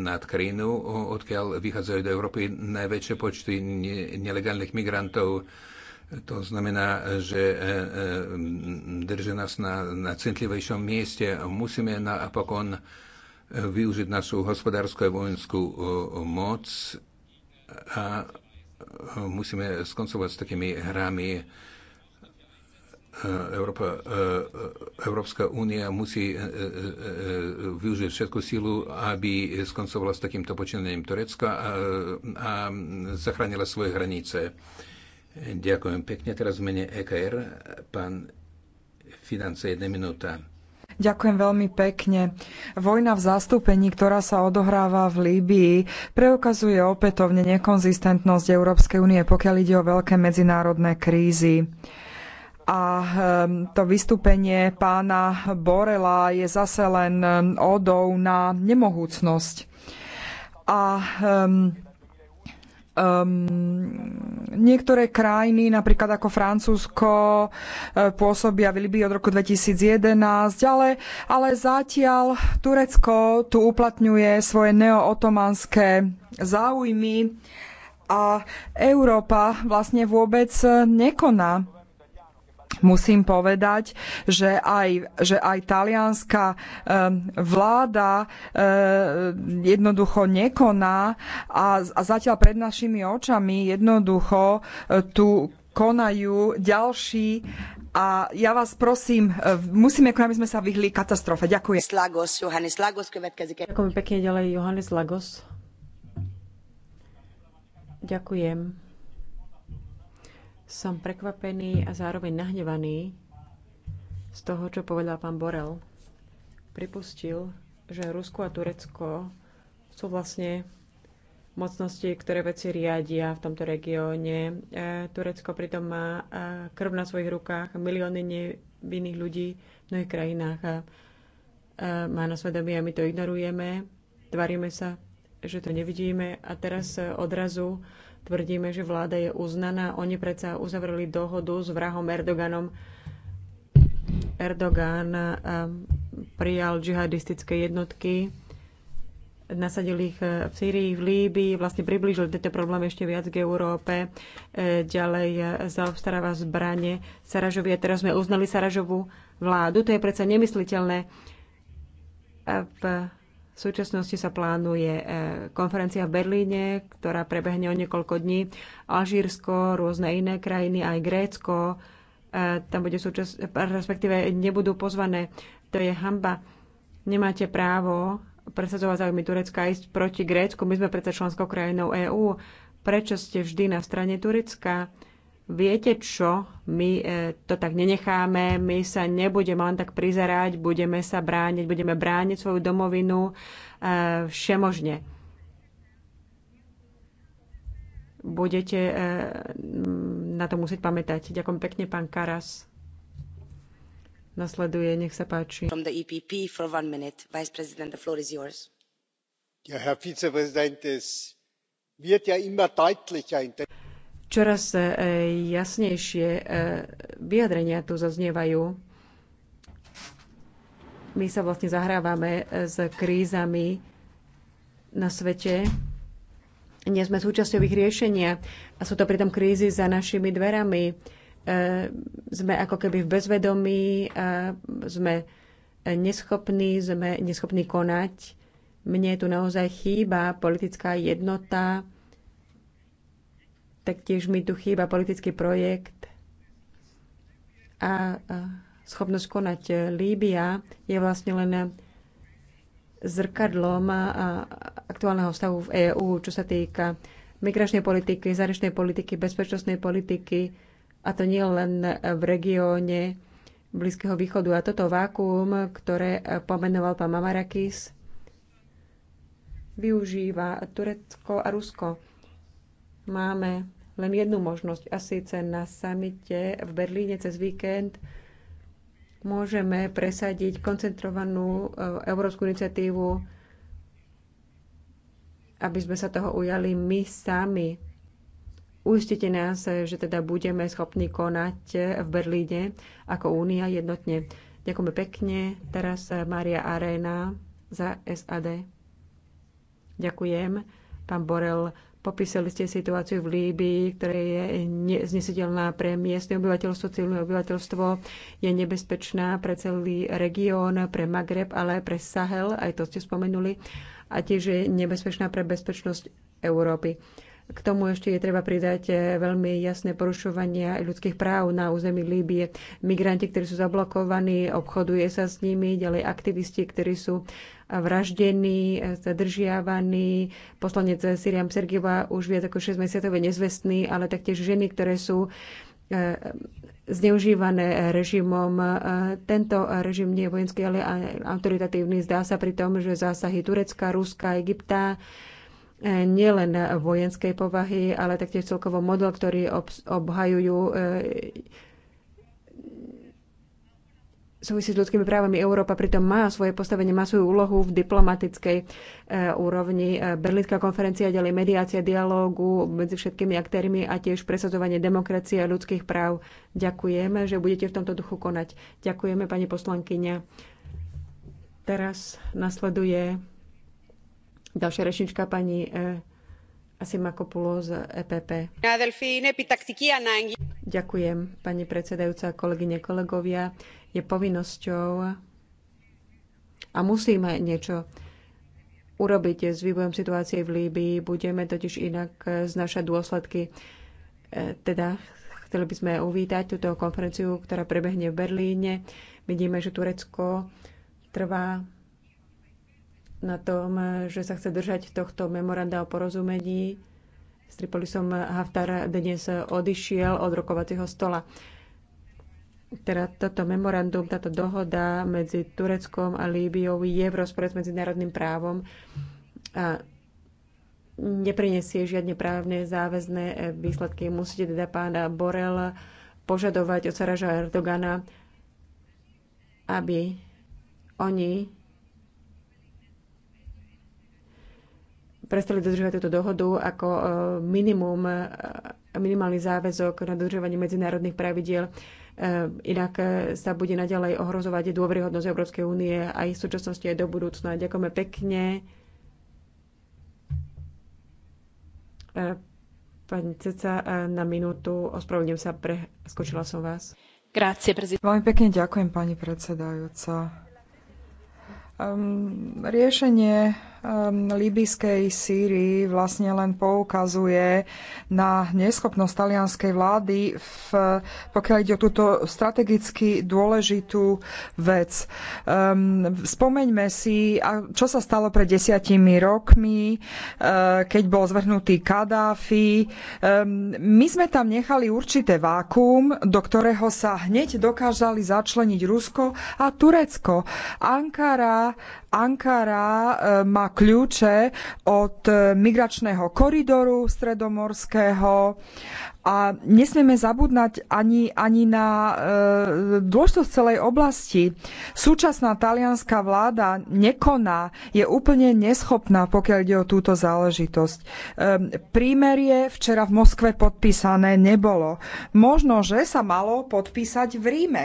nad krajinou, odkiaľ vychádzajú do Európy najväčšie počty nelegálnych migrantov. To znamená, že e, drží nás na, na centlivejšom mieste. Musíme napokon využiť našu hospodárskú a vojenskú moc a musíme skoncovať s takými hrami, E, Európa, e, e, Európska únia musí využiť všetku sílu, aby skoncovala s takýmto počinením Turecka a, a zachránila svoje hranice. Ďakujem pekne. Teraz v mene EKR pán finance jedna minúta. Ďakujem veľmi pekne. Vojna v zastúpení, ktorá sa odohráva v Líbii, preukazuje opätovne nekonzistentnosť Európskej únie, pokiaľ ide o veľké medzinárodné krízy a ehm, to vystúpenie pána Borela je zase len odou ehm, na nemohúcnosť. A um, Um, niektoré krajiny, napríklad ako Francúzsko, e, pôsobia v Libii od roku 2011, ale, ale zatiaľ Turecko tu uplatňuje svoje neootomanské záujmy a Európa vlastne vôbec nekoná musím povedať, že aj, že aj talianská eh, vláda eh, jednoducho nekoná a, zatiaľ pred našimi očami jednoducho eh, tu konajú ďalší a ja vás prosím, musíme konať, aby sme sa vyhli katastrofe. Ďakujem. Lagos, Johannes Lagos, Ďakujem pekne ďalej, Johannes Lagos. Ďakujem. Som prekvapený a zároveň nahnevaný z toho, čo povedal pán Borel. Pripustil, že Rusko a Turecko sú vlastne mocnosti, ktoré veci riadia v tomto regióne. E, Turecko pritom má e, krv na svojich rukách, milióny nevinných ľudí v mnohých krajinách a e, má na svedomí a my to ignorujeme, tvaríme sa, že to nevidíme a teraz odrazu tvrdíme, že vláda je uznaná. Oni predsa uzavreli dohodu s vrahom Erdoganom. Erdogan eh, prijal džihadistické jednotky, nasadil ich eh, v Sýrii, v Líbii, vlastne priblížil tento problém ešte viac k Európe, eh, ďalej zaobstaráva zbranie Saražovi a teraz sme uznali Saražovú vládu. To je predsa nemysliteľné. V v súčasnosti sa plánuje e, konferencia v Berlíne, ktorá prebehne o niekoľko dní. Alžírsko, rôzne iné krajiny, aj Grécko, e, tam bude súčas, respektíve nebudú pozvané. To je hamba. Nemáte právo presadzovať záujmy Turecka a ísť proti Grécku. My sme predsa členskou krajinou EÚ. Prečo ste vždy na strane Turecka? viete čo, my e, to tak nenecháme, my sa nebudeme len tak prizerať, budeme sa brániť, budeme brániť svoju domovinu e, všemožne. Budete e, na to musieť pamätať. Ďakujem pekne, pán Karas. Nasleduje, nech sa páči. From the EPP for one minute. Vice President, the floor is yours. Ja, Herr Vizepräsident, es wird ja immer deutlicher in der Čoraz e, jasnejšie e, vyjadrenia tu zaznievajú. My sa vlastne zahrávame e, s krízami na svete. Nie sme súčasťou ich riešenia a sú to pritom krízy za našimi dverami. Sme ako keby v bezvedomí, sme neschopní, sme neschopní konať. Mne tu naozaj chýba politická jednota, Taktiež mi tu chýba politický projekt a schopnosť konať. Líbia je vlastne len zrkadlom aktuálneho stavu v EÚ, čo sa týka migračnej politiky, zahraničnej politiky, bezpečnostnej politiky, a to nie len v regióne Blízkeho východu. A toto vákuum, ktoré pomenoval pán Mamarakis, využíva Turecko a Rusko. Máme len jednu možnosť, a síce na samite v Berlíne cez víkend môžeme presadiť koncentrovanú e, európsku iniciatívu, aby sme sa toho ujali my sami. Uistite nás, že teda budeme schopní konať v Berlíne ako únia jednotne. Ďakujeme pekne. Teraz e, Maria Arena za SAD. Ďakujem. Pán Borel, Popísali ste situáciu v Líbii, ktorá je znesiteľná pre miestne obyvateľstvo, civilné obyvateľstvo, je nebezpečná pre celý región, pre Magreb, ale aj pre Sahel, aj to ste spomenuli, a tiež je nebezpečná pre bezpečnosť Európy. K tomu ešte je treba pridať eh, veľmi jasné porušovania ľudských práv na území Líbie. Migranti, ktorí sú zablokovaní, obchoduje sa s nimi, ďalej aktivisti, ktorí sú eh, vraždení, eh, zadržiavaní. Poslanec Siriam Sergiva už viac ako 6 mesiacov je nezvestný, ale taktiež ženy, ktoré sú zneužívané režimom. Tento režim nie je vojenský, ale autoritatívny. Zdá sa pri tom, že zásahy Turecka, Ruska, Egypta E, nielen vojenskej povahy, ale taktiež celkovo model, ktorý obhajujú e, súvisí s ľudskými právami. Európa pritom má svoje postavenie, má svoju úlohu v diplomatickej e, úrovni. E, Berlínska konferencia ďalej mediácia dialógu medzi všetkými aktérmi a tiež presadzovanie demokracie a ľudských práv. Ďakujeme, že budete v tomto duchu konať. Ďakujeme, pani poslankyňa. Teraz nasleduje Ďalšia rečnička pani eh, Asima Kopulo z EPP. Ďakujem, pani predsedajúca, kolegyne, kolegovia. Je povinnosťou a musíme niečo urobiť s vývojom situácie v Líbii. Budeme totiž inak znašať dôsledky. Eh, teda chceli by sme uvítať túto konferenciu, ktorá prebehne v Berlíne. Vidíme, že Turecko trvá na tom, že sa chce držať tohto memoranda o porozumení. S Tripolisom Haftar dnes odišiel od rokovacieho stola. Teda toto memorandum, táto dohoda medzi Tureckom a Líbiou je v rozpore s medzinárodným právom a nepriniesie žiadne právne záväzné výsledky. Musíte teda pána Borel požadovať od Saraža Erdogana, aby oni prestali dodržovať túto dohodu ako e, minimum, e, minimálny záväzok na dodržovanie medzinárodných pravidiel. E, inak sa bude naďalej ohrozovať dôveryhodnosť Európskej únie aj v súčasnosti, aj do budúcna. Ďakujeme pekne. Pani Ceca, na minútu, ospravedlňujem sa, preskočila som vás. Grácie, prezident. Veľmi pekne ďakujem, pani predsedajúca. Um, riešenie um, ehm, libyskej Sýrii vlastne len poukazuje na neschopnosť talianskej vlády, v, pokiaľ ide o túto strategicky dôležitú vec. Um, spomeňme si, a čo sa stalo pred desiatimi rokmi, uh, keď bol zvrhnutý Kadáfi. Um, my sme tam nechali určité vákuum, do ktorého sa hneď dokázali začleniť Rusko a Turecko. Ankara Ankara eh, má kľúče od eh, migračného koridoru stredomorského a nesmieme zabúdať ani, ani na e, dôležitosť celej oblasti. Súčasná talianská vláda nekoná, je úplne neschopná, pokiaľ ide o túto záležitosť. E, prímerie včera v Moskve podpísané nebolo. Možno, že sa malo podpísať v Ríme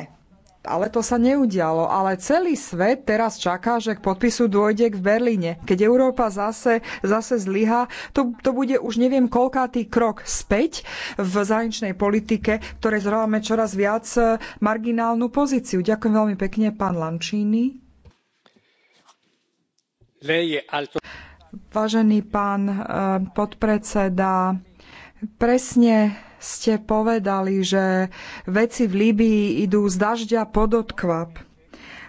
ale to sa neudialo. Ale celý svet teraz čaká, že k podpisu dôjde k Berlíne. Keď Európa zase, zase zlyha, to, to bude už neviem koľkátý krok späť v zahraničnej politike, ktoré zhrávame čoraz viac e, marginálnu pozíciu. Ďakujem veľmi pekne, pán Lančíny. Vážený pán e, podpredseda, presne ste povedali, že veci v Líbii idú z dažďa pod odkvap.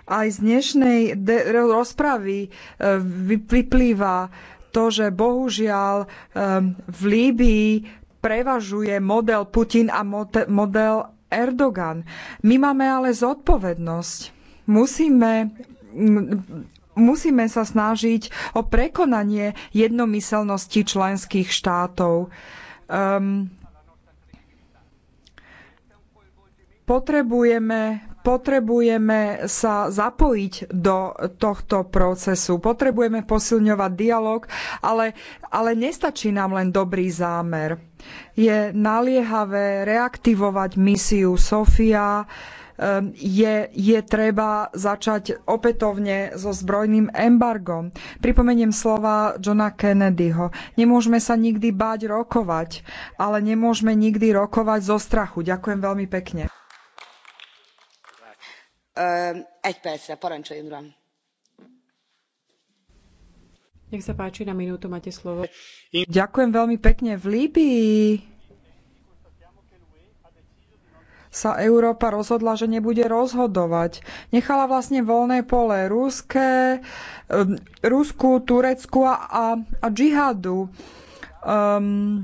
Aj z dnešnej rozpravy e, vyplýva to, že bohužiaľ e, v Líbii prevažuje model Putin a model Erdogan. My máme ale zodpovednosť. Musíme musíme sa snažiť o prekonanie jednomyselnosti členských štátov. Um, Potrebujeme, potrebujeme sa zapojiť do tohto procesu. Potrebujeme posilňovať dialog, ale, ale nestačí nám len dobrý zámer. Je naliehavé reaktivovať misiu Sofia, ehm, je, je treba začať opätovne so zbrojným embargom. Pripomeniem slova Johna Kennedyho. Nemôžeme sa nikdy báť rokovať, ale nemôžeme nikdy rokovať zo strachu. Ďakujem veľmi pekne. Nech sa páči, na minútu máte slovo. Ďakujem veľmi pekne. V Líbii sa Európa rozhodla, že nebude rozhodovať. Nechala vlastne voľné pole ruské, Rusku, Turecku a, a džihadu. Um,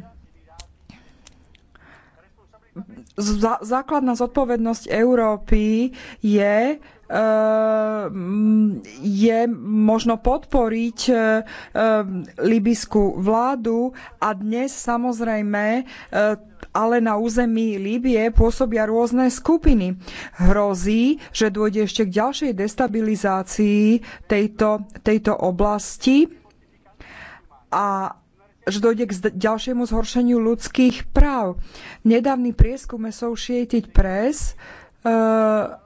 Zá, základná zodpovednosť Európy je eh, je možno podporiť eh, eh, libyskú vládu a dnes samozrejme ale na území Líbie pôsobia rôzne skupiny. Hrozí, že dôjde ešte k ďalšej destabilizácii tejto, tejto oblasti a že dojde k ďalšiemu zhoršeniu ľudských práv. Nedávny prieskum Associated Press uh,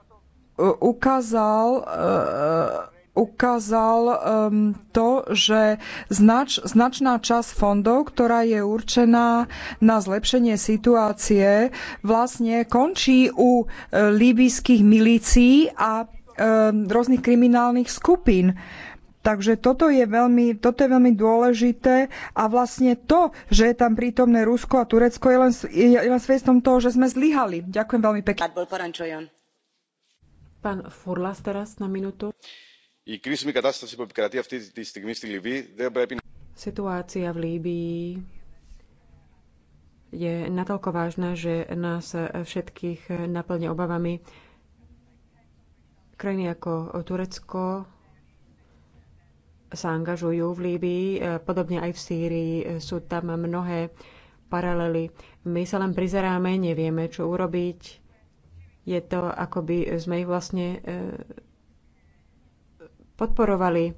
ukázal, uh, ukázal um, to, že znač, značná časť fondov, ktorá je určená na zlepšenie situácie, vlastne končí u uh, eh, líbyských milícií a uh, rôznych kriminálnych skupín. Uh, Takže toto je, veľmi, toto je veľmi dôležité a vlastne to, že je tam prítomné Rusko a Turecko je len, len svedstvom toho, že sme zlyhali. Ďakujem veľmi pekne. Pán Furlas teraz na minútu. Situácia v Líbii je natoľko vážna, že nás všetkých naplne obavami. Krajiny ako Turecko, sa angažujú v Líbii, e, podobne aj v Sýrii. E, sú tam mnohé paralely. My sa len prizeráme, nevieme, čo urobiť. Je to, ako by sme ich vlastne e, podporovali.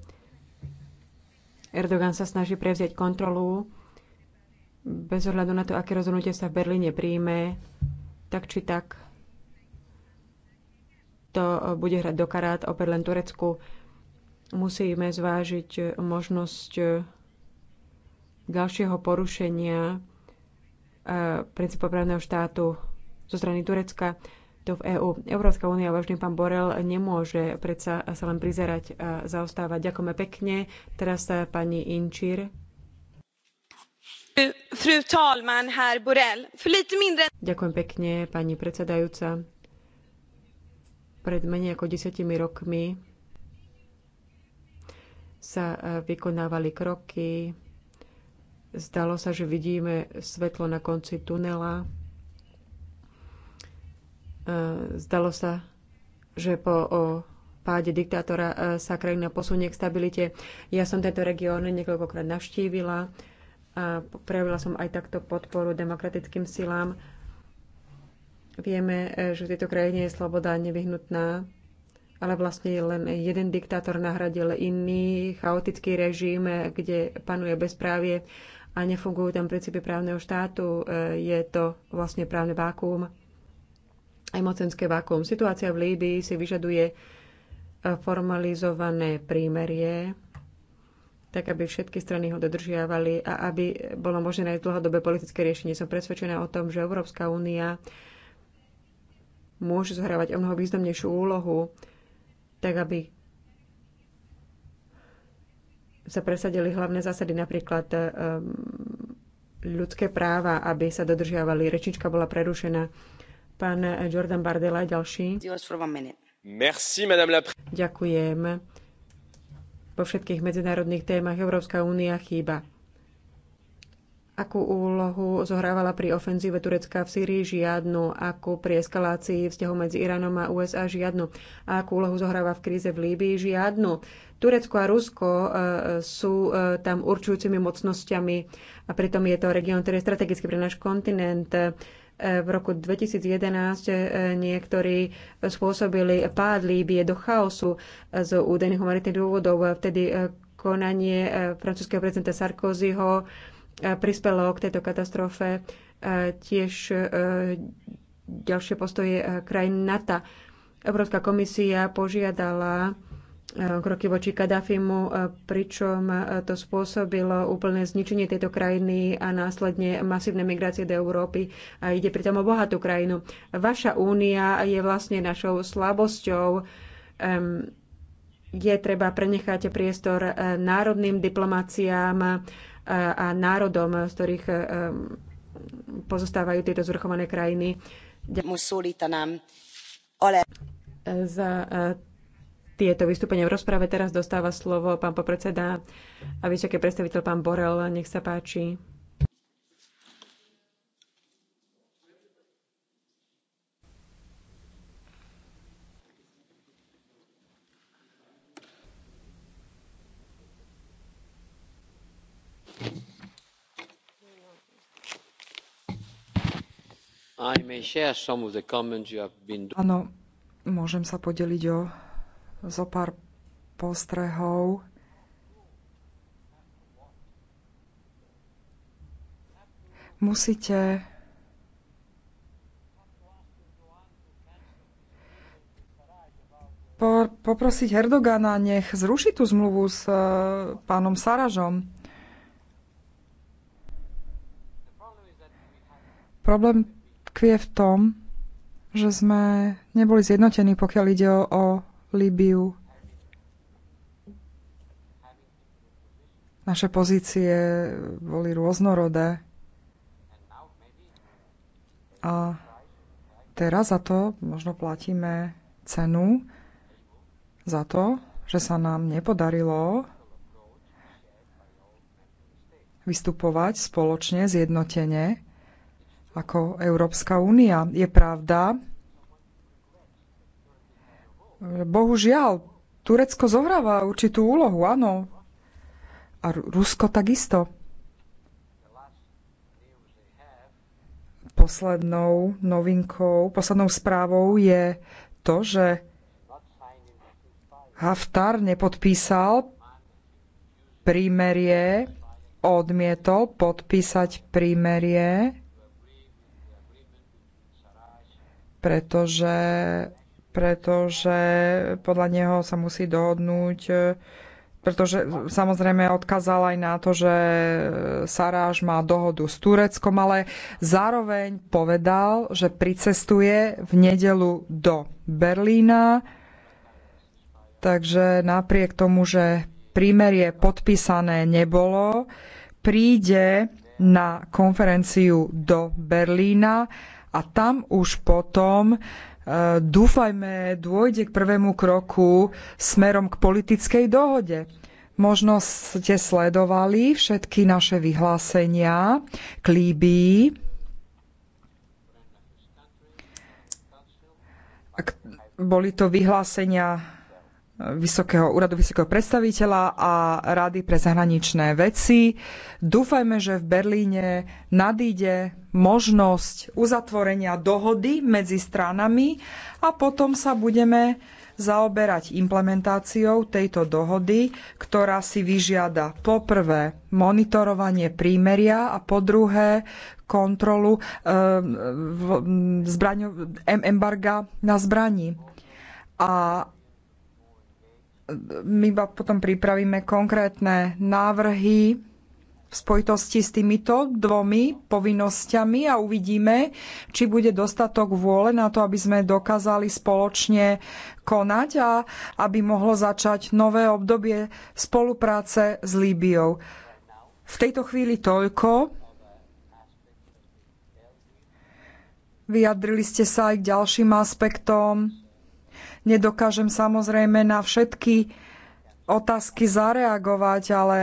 Erdogan sa snaží prevziať kontrolu bez ohľadu na to, aké rozhodnutie sa v Berlíne príjme, tak či tak to bude hrať do karát opäť len Turecku musíme zvážiť možnosť eh, ďalšieho porušenia eh, princípov právneho štátu zo strany Turecka to v EÚ. EU. Európska únia, vážny pán Borel, nemôže predsa sa len prizerať a zaostávať. Ďakujeme pekne. Teraz sa pani Inčír. Fru talman, herr Borel. Mindre... Ďakujem pekne, pani predsedajúca. Pred menej ako desiatimi rokmi sa e, vykonávali kroky. Zdalo sa, že vidíme svetlo na konci tunela. E, zdalo sa, že po o páde diktátora e, sa krajina posunie k stabilite. Ja som tento región niekoľkokrát navštívila a prejavila som aj takto podporu demokratickým silám. Vieme, že v tejto krajine je sloboda nevyhnutná ale vlastne len jeden diktátor nahradil iný chaotický režim, kde panuje bezprávie a nefungujú tam princípy právneho štátu. E, je to vlastne právne vákuum, aj mocenské vákuum. Situácia v Líbii si vyžaduje e, formalizované prímerie, tak aby všetky strany ho dodržiavali a aby bolo možné aj dlhodobé politické riešenie. Som presvedčená o tom, že Európska únia môže zohrávať o mnoho významnejšiu úlohu tak aby sa presadili hlavné zásady, napríklad um, ľudské práva, aby sa dodržiavali. Rečička bola prerušená. Pán Jordan Bardella, ďalší. Merci, madame la... Ďakujem. Po všetkých medzinárodných témach Európska únia chýba. Akú úlohu zohrávala pri ofenzíve Turecka v Sýrii? Žiadnu. Akú pri eskalácii vzťahu medzi Iránom a USA? Žiadnu. A akú úlohu zohráva v kríze v Líbii? Žiadnu. Turecko a Rusko e, sú e, tam určujúcimi mocnosťami a pritom je to región, ktorý je strategicky pre náš kontinent. E, v roku 2011 niektorí spôsobili pád Líbie do chaosu z údajných humanitných dôvodov. Vtedy konanie francúzského prezidenta Sarkozyho prispelo k tejto katastrofe tiež e, ďalšie postoje e, krajín NATO. Európska komisia požiadala e, kroky voči Kadafimu, pričom to spôsobilo úplné zničenie tejto krajiny a následne masívne migrácie do Európy. A ide pritom o bohatú krajinu. Vaša únia je vlastne našou slabosťou. Je treba prenechať priestor národným diplomáciám a národom, z ktorých e, pozostávajú tieto zvrchované krajiny. Za e, tieto vystúpenia v rozprave teraz dostáva slovo pán popredseda a vysoký predstaviteľ pán Borel. Nech sa páči. Áno, môžem sa podeliť o zo pár postrehov. Musíte poprosiť Erdogana, nech zruší tú zmluvu s e, pánom Saražom. Problém tkvie v tom, že sme neboli zjednotení, pokiaľ ide o, o Líbiu. Naše pozície boli rôznorodé. A teraz za to možno platíme cenu, za to, že sa nám nepodarilo vystupovať spoločne, zjednotene ako Európska únia. Je pravda, bohužiaľ, Turecko zohráva určitú úlohu, áno. A Rusko takisto. Poslednou novinkou, poslednou správou je to, že Haftar nepodpísal prímerie, odmietol podpísať prímerie pretože, pretože podľa neho sa musí dohodnúť e, pretože samozrejme odkázal aj na to, že Saráž má dohodu s Tureckom, ale zároveň povedal, že pricestuje v nedelu do Berlína. Takže napriek tomu, že prímerie podpísané nebolo, príde na konferenciu do Berlína a tam už potom e, dúfajme, dôjde k prvému kroku smerom k politickej dohode. Možno ste sledovali všetky naše vyhlásenia k Líbii. Boli to vyhlásenia vysokého, úradu vysokého predstaviteľa a Rady pre zahraničné veci. Dúfajme, že v Berlíne nadíde možnosť uzatvorenia dohody medzi stranami a potom sa budeme zaoberať implementáciou tejto dohody, ktorá si vyžiada poprvé, monitorovanie prímeria a po druhé kontrolu e, zbraňo, embarga na zbraní. A my iba potom pripravíme konkrétne návrhy v spojitosti s týmito dvomi povinnosťami a uvidíme, či bude dostatok vôle na to, aby sme dokázali spoločne konať a aby mohlo začať nové obdobie spolupráce s Líbiou. V tejto chvíli toľko. Vyjadrili ste sa aj k ďalším aspektom Nedokážem samozrejme na všetky otázky zareagovať, ale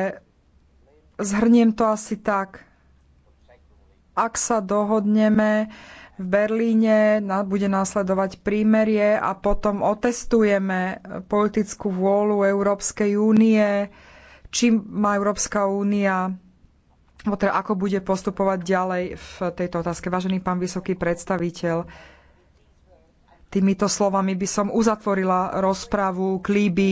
zhrniem to asi tak. Ak sa dohodneme v Berlíne, bude následovať prímerie a potom otestujeme politickú vôľu Európskej únie, čím má Európska únia teda ako bude postupovať ďalej v tejto otázke. Vážený pán vysoký predstaviteľ, Týmito slovami by som uzatvorila rozpravu, k Líbii.